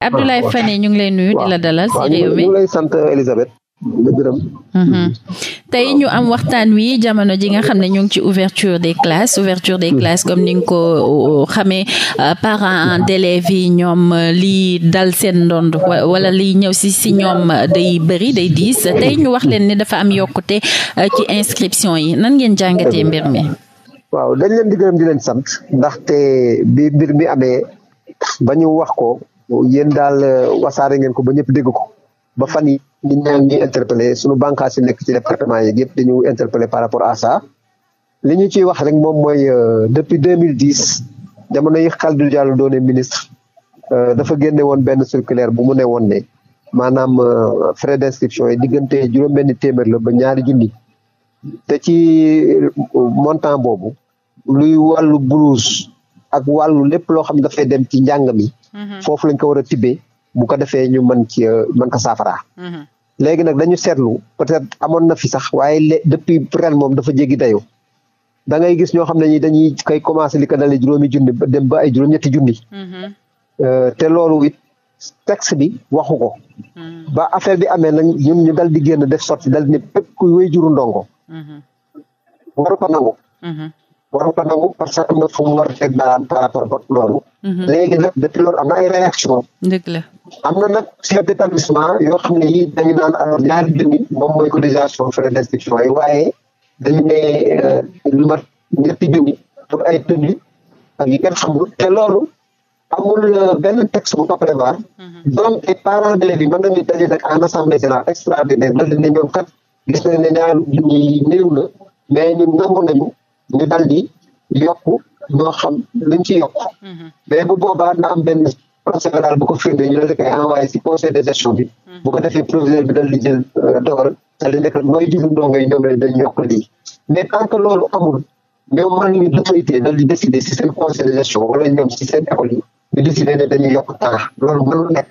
Abdoulaye ah, Fane ñu ngi lay nuyu di la dalal ci mi ñu mm-hmm. ñu am waxtaan wi jamono ji nga xam ne ñu ngi ci ouverture des classes ouverture des classes comme ni nga ko euh, xamee euh, parent d'élèves ñoom euh, li dal seen ndond wala liy ñëw si si ñoom day bëri day diis tey ñu wax leen ni dafa am yokkute ci inscription yi nan ngeen jàngate mbir mi waaw dañ leen di gërëm di leen sant ndaxte bi mbir mi amee ba ñu wax ko yéen daal euh, wasaare ngeen ko ba ñëpp dégg ko ba fan yi ñu ñaan ñuy interpellé suñu bànqaas yi nekk ci département yeeg yëpp dañu interpellé par rapport à ça li ñu ciy wax rek moom mooy euh, depuis mille 2010 jamono yi Khalidou Diallo doone ministre euh, dafa génne woon benn circulaire bu mu ne woon ne maanaam frais d'inscription yi diggante juróom benn téeméer ba ñaari junni te ci montant boobu luy wàllu blouse ak wàllu lépp loo xam ne dafay dem ci njàng mi. Mhm. foofu lañ ko war a tibbee bu ko defee ñu man ci euh, mën ko saafaraa. Mhm. léegi nag dañu seetlu peut-être amoon na fi sax waaye depuis ren moom dafa jéggi dayoo da ngay gis ñoo xam ne ñi dañuy koy commencé li ko dalee juróomi junni dem ba ay juróom-ñetti junni. Mhm. Euh, te loolu it texte bi waxu ko. ba affaire bi amee nag ñun ñu dal di génn def sotti dal di ne bépp kuy wéy juru ndongo. waru ko nangu. waru ko nangu parce que am na fu mu war a teg baaraam par rapport ak loolu. Mhm. léegi nag depuis loolu am réaction dëgg la am na nag chef d' établissement yoo xam ne yii dañu naan alors ñaari demi moom mooy cotisation frais d' inscription yi waaye dañu ne euh, lu mat ñetti junni pour ay tenue yi kenn xamul te loolu. amul euh, benn texte bu ko prévoir mhm. donc parents d'élèves yi mën nañu daje nag en assemblée générale extraordinaire dal kat gis nañ ne ñaar junni yi na mais ñun nangu nañu ñu dal di yokk ñoo xam luñ ci yokk mhm. mais bu boobaa na am benn procès verbal bu ko firnde ñu la koy envoyé si conseil de gestion bi mhm. bu ko defee proviseur bi dal di jël euh, dogal sa li nekk nooy dilu ndongo yi ñoom leen yokk lii mais tant que loolu amul ñoom mën nañu l'autorité dal di décider si seen conseil de gestion wala ñoom si seen école yi ñu décider ne dañuy yokk temps loolu mënul nekk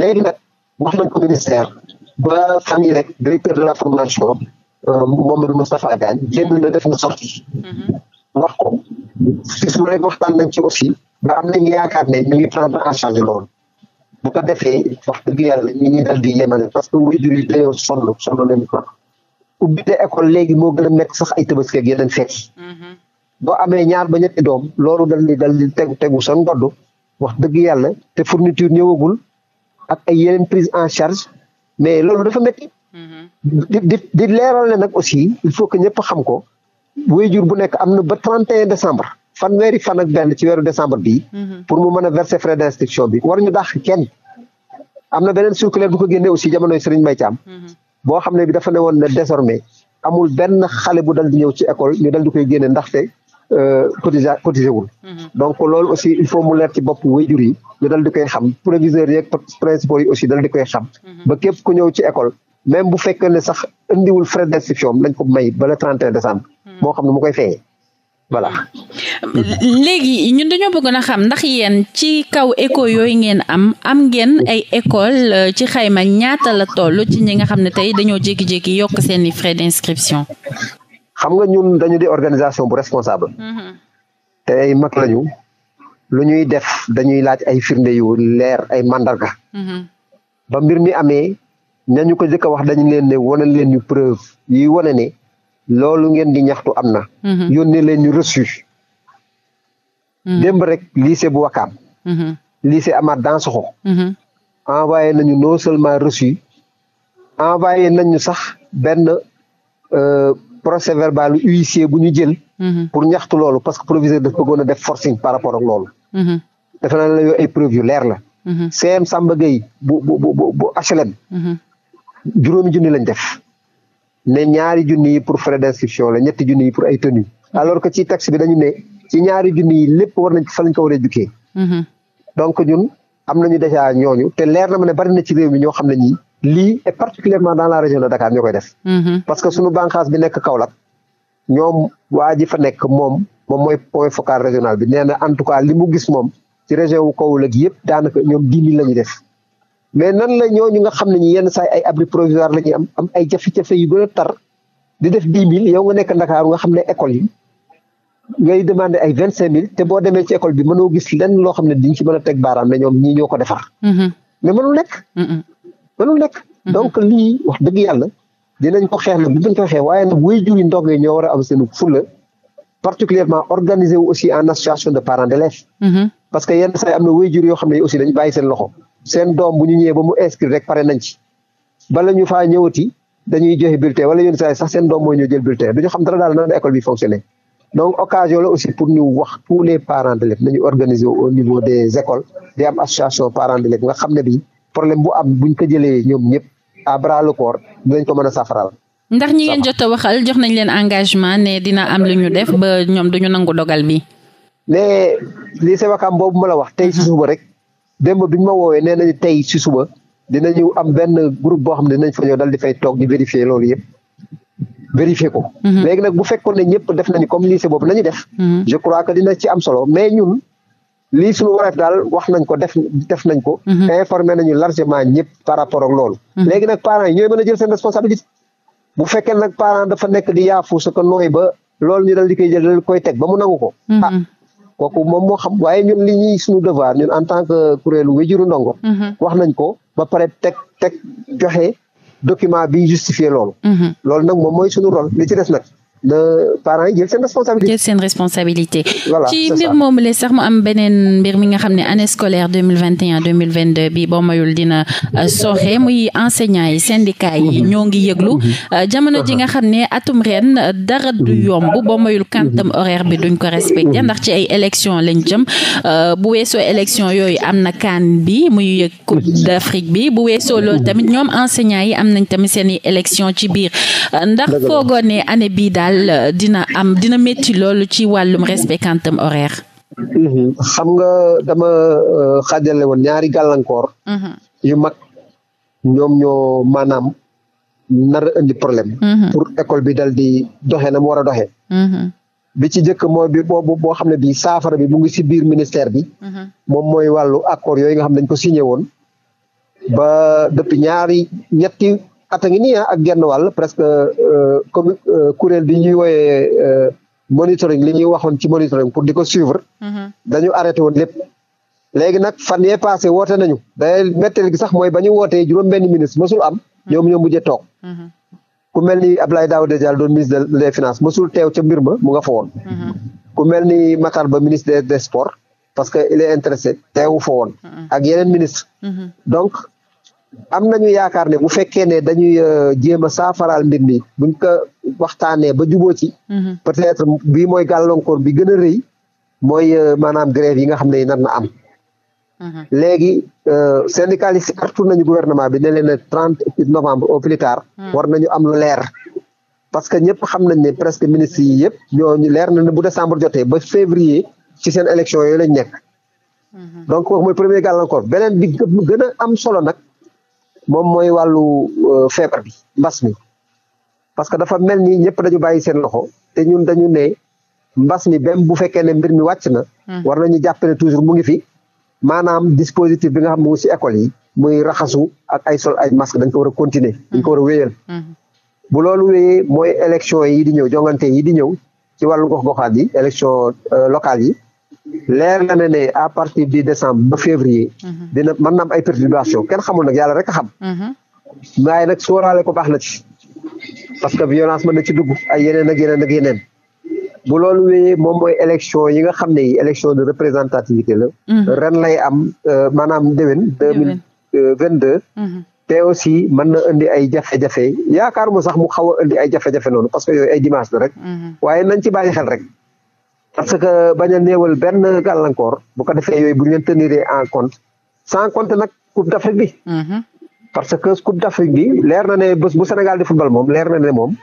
léegi nag wax nañ ko ministère ba fan yi rek directeur de la formation Euh, Mamadou Moustapha Diagne génn na def na sorti mhm. wax ko si su rek waxtaan nañ ci aussi ba am nañ yaakaar ne ñu ngi prendre en charge loolu bu ko defee wax dëgg yàlla ñu ngi dal di yemale parce que waajur yi dañoo sonn sonn nañu ubbite école léegi moo gën a nekk sax ay tabaski ak yeneen feet mhm. boo amee ñaar ba ñetti doom loolu dal di dal di tegu tegu sa ndodd wax dëgg yàlla te fourniture ñëwagul ak ay yeneen prise en charge mais loolu dafa métti di di di leeral ne nag aussi il faut que ñëpp xam ko waajur bu nekk am na ba 31 décembre fanweeri fan ak benn ci weeru décembre bii. Mhm. pour mu mën a verser frais d'inscription bi war ñu dàq kenn. am na beneen bu ko génnee aussi jamonoy Serigne Mbaye Thiam. Mhm. boo xam ne bi dafa ne woon ne benn xale bu dal di ci école ñu dal di koy génne ndaxte euh, cotisé cotisé wul. Mhm. donc loolu aussi il faut mu leer ci bopp waajur yi ñu dal di koy xam proviseurs yeeg principaux yi aussi dal di koy xam. ba képp ku ñëw ci école. même bu fekkee ne sax indiwul frais d'inscription lañ ko may ba le 31 décembre. Hmm. moo xam ne mu koy fayee. voilà. léegi ñun dañoo bëggoon a xam ndax yéen ci kaw éco yooyu ngeen am am ngeen ay école euh, ci xayma ñaata la toll ci ñi nga xam ne tey dañoo jékki-jékki yokk seen i frais d'inscription. xam nga ñun dañu di organisation bu responsable. Hmm. te ay mag lañu lu ñuy def dañuy laaj ay firnde yu leer ay mandarga. Hmm. ba mbir mi amee ñañu ko jëkk a wax dañu leen ne wane leen ñu preuve yi wane loolu ngeen di ñaxtu am na. Mhm. yónnee leen ñu reçu. Mhm. démb rek lycée bu Wakaam. Mhm. lycée Amath Dansokho. envoyé nañu non seulement reçu envoyé nañu sax benn euh, procès verbal huissier bu ñu jël. pour ñaxtu loolu parce que proviseur daf bëggoon a def forcing par rapport ak loolu. defe naa ne la yooyu ay preuve yu leer la. CM Samba Gueye bu bu bu bu HLM. juróomi junni lañ def ne ñaari junni yi pour frais d'inscription la ñetti junni yi pour ay tenues alors que ci taxe bi dañu ne ci ñaari junni yi lépp war nañ fa lañ ko war a jukkee mm-hmm. donc ñun am nañu déjà ñooñu te leer na ma ne bari na ci réew mi ñoo xam ne ñii lii et particulièrement dans région de Dakar ñoo koy def mm-hmm. parce que suñu bànqaas bi nekk Kaolack ñoom waa ji fa nekk moom mooy point régional bi nee na en tout cas li mu gis moom ci région wu Kaolack yëpp daanaka ñoom la ñuy mais nan la ñooñu nga xam ne ñi yenn saay ay abri provisoire la am am ay jafe-jafe yu gën a tar di def dix mille yow nga nekk Ndakaaru nga xam ne école yi ngay demandé ay vingt cinq mille te boo demee ci école bi mënoo gis lenn loo xam ne diñ ci a teg baaraam ne ñoom ko defar mm-hmm. mais mënul nekk mm-hmm. mënul nekk mm-hmm. donc lii wax dëgg yàlla dinañ ko xeex nag bu ñu ko xeex waaye nag waajur yi ndongo yi ñoo war a am seen fulla particulièrement organisé wu aussi en association de parents d'élèves parce que yenn saay am na waajur yoo xam ne aussi dañ bàyyi seen loxo seen doom bu ñu ñëwee ba mu inscrire rek pare nañ ci bala ñu faa ñëwati dañuy joxe bulletin wala yenn saa sax seen doom moo ñëw jël bulletin du ñu xam dara daal nan école bi fonctionné donc wax tous les parents d'élèves nañu organiser au niveau des écoles di am association nga xam ne bi problème bu am buñ ko jëlee ñoom ñëpp à bras le corps dinañ ko mën a saafaraal ndax ñi ngeen jot a waxal jox nañ leen engagement ne dina am lu ñu def ba ñoom duñu nangu dogal bi mais lii sa wakam boobu ma la wax tey si suba rek démb bi ñu ma woowee nee nañu tey si suba dinañu am benn groupe boo xam ne dinañ fa ñëw dal di fay toog di vérifier loolu yëpp vérifier ko. Mhm. léegi nag bu fekkoon ne ñëpp def nañu comme lycée boobu nañu def. Mhm. je que dina ci am solo mais ñun lii suñu wareef wax nañ ko def def nañ ko. Mhm. informé nañu largement ñëpp par rapport ak loolu. léegi nag parents yi ñooy mën a jël seen responsabilité. bu fekkee nag parent dafa nekk di yaafu su ko nooy ba loolu ñu dal di koy jël koy teg ba mu nangu ko. Ah kooku moom moo xam waaye ñun li ñuy suñu devoir ñun en tant que kuréelu wéjuru ndongo. Mhm. wax nañ ko ba pare teg teg joxe document bi justifier loolu. Mhm. loolu nag moom mooy suñu rôle li des nag. de seen responsabilité. jël seen responsabilité. voilà ci mbir moom la sax mu am beneen mbir mi nga xam ne année scolaire deux mille vingt et un deux mille vingt deux bi boo mayul dina euh, sooxe muy enseignants yi syndicats yi mhm. ñoo ngi yëglu mhm. euh, jamono ji nga xam ne atum ren dara du mhm. yomb boo mayul quantum horaire bi duñ ko respecté ndax ci ay élection lañ jëm euh, bu weesoo élection yooyu am na CAN bi muy Coupe d'Afrique bi bu weesoo loolu tamit ñoom enseignants yi am nañ tamit seen i ci biir ndax foogoo ne année bii daal. Sénégal dina am dina métti loolu ci wàllum respect quantum horaire. Mhm. xam nga dama euh, xajale woon ñaari gàllankoor. Mhm. yu mag ñoom ñoo maanaam nar a indi problème. Mhm. pour école bi dal di doxee na mu war a ci njëkk mooy bi boo xam ne bi saafara bi mu ngi si biir ministère bi. moom mooy wàllu accord yooyu nga xam ne dañ ko signé woon. ba depuis ñaari ñetti at a ngi nii ak genn wàll presque euh, comme euh, kuréel bi ñuy wooyee euh, monitoring li ñuy waxoon ci monitoring pour di ko suivre. Mhm. dañu arrêté woon lépp. léegi nag fan yee passé woote nañu day métteel gi sax mooy ba ñu wootee juróom-benn ministre mësul am ñoom ñoo mujjee toog. Mhm. ku mel ni Abdoulaye Daouda Diallo doon ministre des finances mësul teew ca mbir ma mu nga fa woon. Mhm. ku mel ni Matar Ba ministre de sports parce que il est intéressé teewu fa woon. ak yeneen ministre donc. am nañu yaakaar ne bu fekkee ne dañuy euh, jéem a saafaraal mbir mi buñ ko waxtaanee ba juboo ci. Mhm. peut-être bii mooy gàllankoor bi gën a rëy mooy euh, maanaam grève yi nga xam ne nar na am. Mhm. léegi euh, syndicaliste artu nañu gouvernement bi ne leen ne trente novembre au mhm. war nañu am lu leer. parce que ñëpp xam nañ ne presque ministres yi yëpp ñooñu leer na ne bu desembre jotee ba février ci seen élection yooyu lañ nekk. donc mooy premier gàllankoor beneen bi gën a am solo nag. moom mooy wàllu euh, feebar bi mbas mi parce que dafa mel ni ñëpp dañu bàyyi seen loxo te ñun dañu ne mbas mi benn bu fekkee ne mbir mi wàcc na. Hmm. war nañu jàpp ne toujours mu ngi fi maanaam dispositif bi nga xam mu ngi si école yi muy raxasu ak ay sol ay masque dañ ko war a continuer. dañ ko war a wéyal. Hmm. Hmm. bu loolu wéyee mooy élection yi di ñëw jongante yi di ñëw ci wàllu gox-goxaat yi élection euh, locale yi. leer na ne ne à partir du décembre ba février. Mhm. dina mën na am ay perturbation kenn xamul nag yàlla rek a xam. waaye mhm. nag sóoraale ko baax na ci. parce que violence mën na ci dugg ay yeneen ak yeneen ak yeneen. bu loolu wéyee moom mooy élection yi nga xam ne yi élection de représentativité la. Mhm. ren lay am euh, maanaam déwén deux mille euh, vingt aussi man na indi ay jafe-jafe yaakaar mu sax mu xaw indi ay jafe-jafe noonu parce que yooyu ay dimanche la rek. waaye nañ ci bàyyi xel rek. parce que bañ a néewal benn gàllankoor bu ko defee yooyu bu ñu leen tenir en compte sans compte nag coupe d'Afrique bi. Mm-hmm. parce que coupe d'Afrique bi leer na ne bés bu Sénégal di football moom leer na ne moom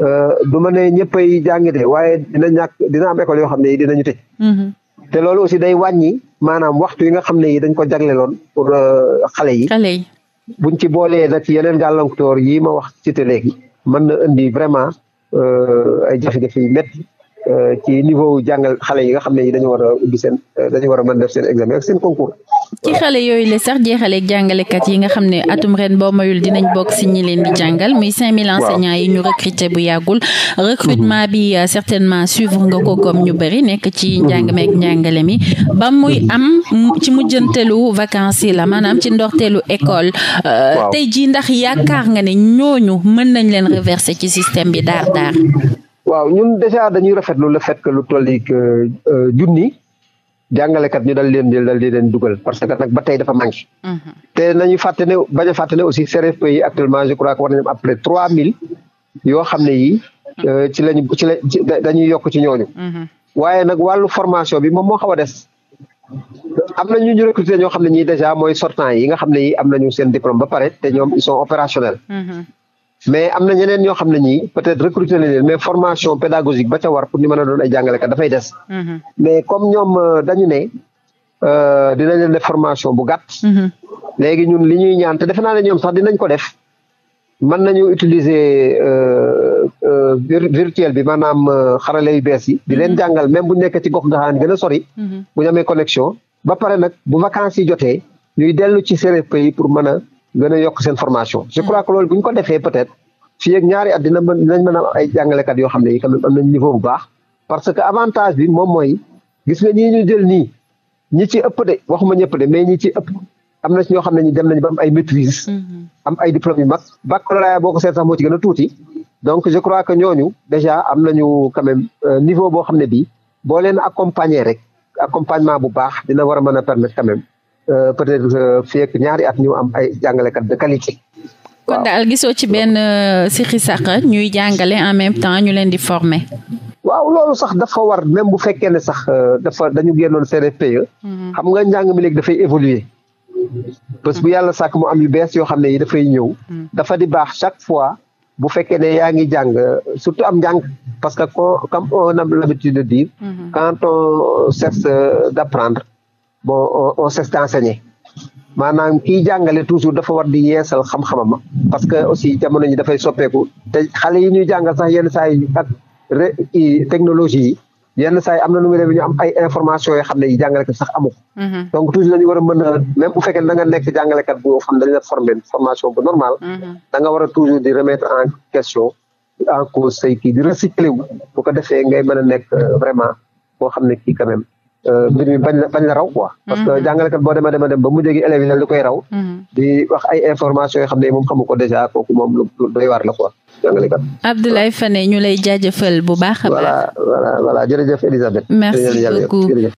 euh, du ma ne ñëppay jàngi de waaye dina ñàkk dina am école yoo xam ne yi dinañu tëj. Mm-hmm. te loolu aussi day wàññi maanaam waxtu yi nga xam ne yi dañ ko jagleloon pour euh, xale yi. xale yi buñ ci boolee nag yeneen gàllankoor yi ma wax ci te léegi mën na indi vraiment euh, ay jafe-jafe yu métti. Euh, ci niveau jàngal xale yi nga xam ne dañu war a euh, war a mën def seen examen ak seen concours. ci xale yooyu la sax jeexale ak jàngalekat yi nga xam ne atum ren boo mayul dinañ bokk si ñi leen di jàngal. muy 5000 enseignants yi ñu recruter bu yàggul. recrutement bi euh, certainement suivre nga ko comme ñu bari nekk ci njàng njàngale mi ba muy am ci mujjantelu vacances yi la maanaam ci ndorteelu école. tey jii ndax yaakaar nga ne ñooñu mën nañ leen reverser ci système bi daar daar. waaw ñun déjà dañuy rafetlu le fait que lu toll nii euh, junni jàngalekat ñu dal leen dal di leen dugal parce que nag ba tey dafa manqué. Mm-hmm. te nañu fàtte ne bañ a fàtte ne aussi CRFP yi actuellement je crois yoo xam ne mm-hmm. euh, ci lañu ci la dañuy yokk ci ñooñu. Mm-hmm. waaye nag wàllu formation bi moom moo xaw a des. am na ñu ñu recruter ñoo xam ne ñii déjà mooy sortant yi nga xam ne yii am nañu seen diplôme ba pare te ñoom ils sont mais am na ñeneen ñoo xam ne ñii peut-être recruter nañ leen mais formation pédagogique ba ca war pour ñu mën a doon ay jàngalekat dafay des. Mm-hmm. mais comme ñoom euh, dañu ne euh, dinañ leen de formation bu gàtt. Mm-hmm. léegi ñu li ñuy ñaan te defe naa ne ñoom sax dinañ ko def mën nañu utiliser euh, virtuel bi maanaam xarale yu bees yi. di leen mm-hmm. jàngal même bu ñu nekkee ci gox gaxaan gën a sori. bu ñu amee ba pare nag bu vacances yi jotee ñuy dellu ci seen pays a. gën a yokk seen formation je crois que loolu bu ñu ko defee peut-être fii ak ñaari at dina mën dinañ mën a am ay jàngalekat yoo xam ne yi quand même am nañ niveau bu baax que avantage bi moom mooy gis nga ñii ñu jël nii ñi ci ëpp de waxuma ñëpp de mais ñi ci ëpp am na ñoo xam ne ñu dem nañ ba ay maîtrise mm-hmm. am ay diplôme yu mag baccalauréat boo ko seet sax moo ci gën a tuuti donc je crois que ñooñu déjà am nañu quand même euh, niveau boo xam ne bii boo leen accompagner rek accompagnement bu baax dina war a mën a permettre quand Euh, peut-être fii ak ñaari at ñu am ay jàngalekat de qualité. kon daal gisoo ci benn euh, sixi saxa ñuy jàngale en même temps ñu leen di former. waaw loolu sax dafa war même bu fekkee ne sax euh, dafa dañu génnoon CRPE. Mhm. xam nga njàng mi léegi dafay évoluer. bés bu mhm. yàlla sàkk mu am yu bees yoo xam ne yi dafay ñëw. Mhm. dafa di baax chaque fois bu fekkee ne yaa ngi jàng surtout am njàng parce que comme on a l'habitude de dire. quand on cesse d'apprendre. bon on cesse d'enseigner maanaam kii jàngale toujours dafa war di yeesal xam-xamam parce que aussi jamono ji dafay soppeeku te xale yi ñuy jàngal sax yenn saa yi ak technologie yi yenn saa yi am na nu muy demee ñu am ay information yoo xam ne yi jàngalekat sax amu ko mm-hmm. donc toujours dañu war a mën a da nga nekk jàngalekat bu xam dañ la formé formation bu normal mm-hmm. da nga war a toujours di remettre en question en cause say kii di recycler wu bu ko defee ngay mën a nekk euh, vraiment boo xam ne kii quand Euh, mbir bañ la raw quoi. parce que mm-hmm. jàngalekat boo demee demee dem ba mujj gi élèves yi nag lu koy raw. Mm-hmm. di wax ay informations yoo xam ne moom xamu ko déjà kooku moom lu doy waar la quoi jàngalekat. Abdoulaye Fane ñu lay jaajëfal bu baax a baax. voilà voilà merci beaucoup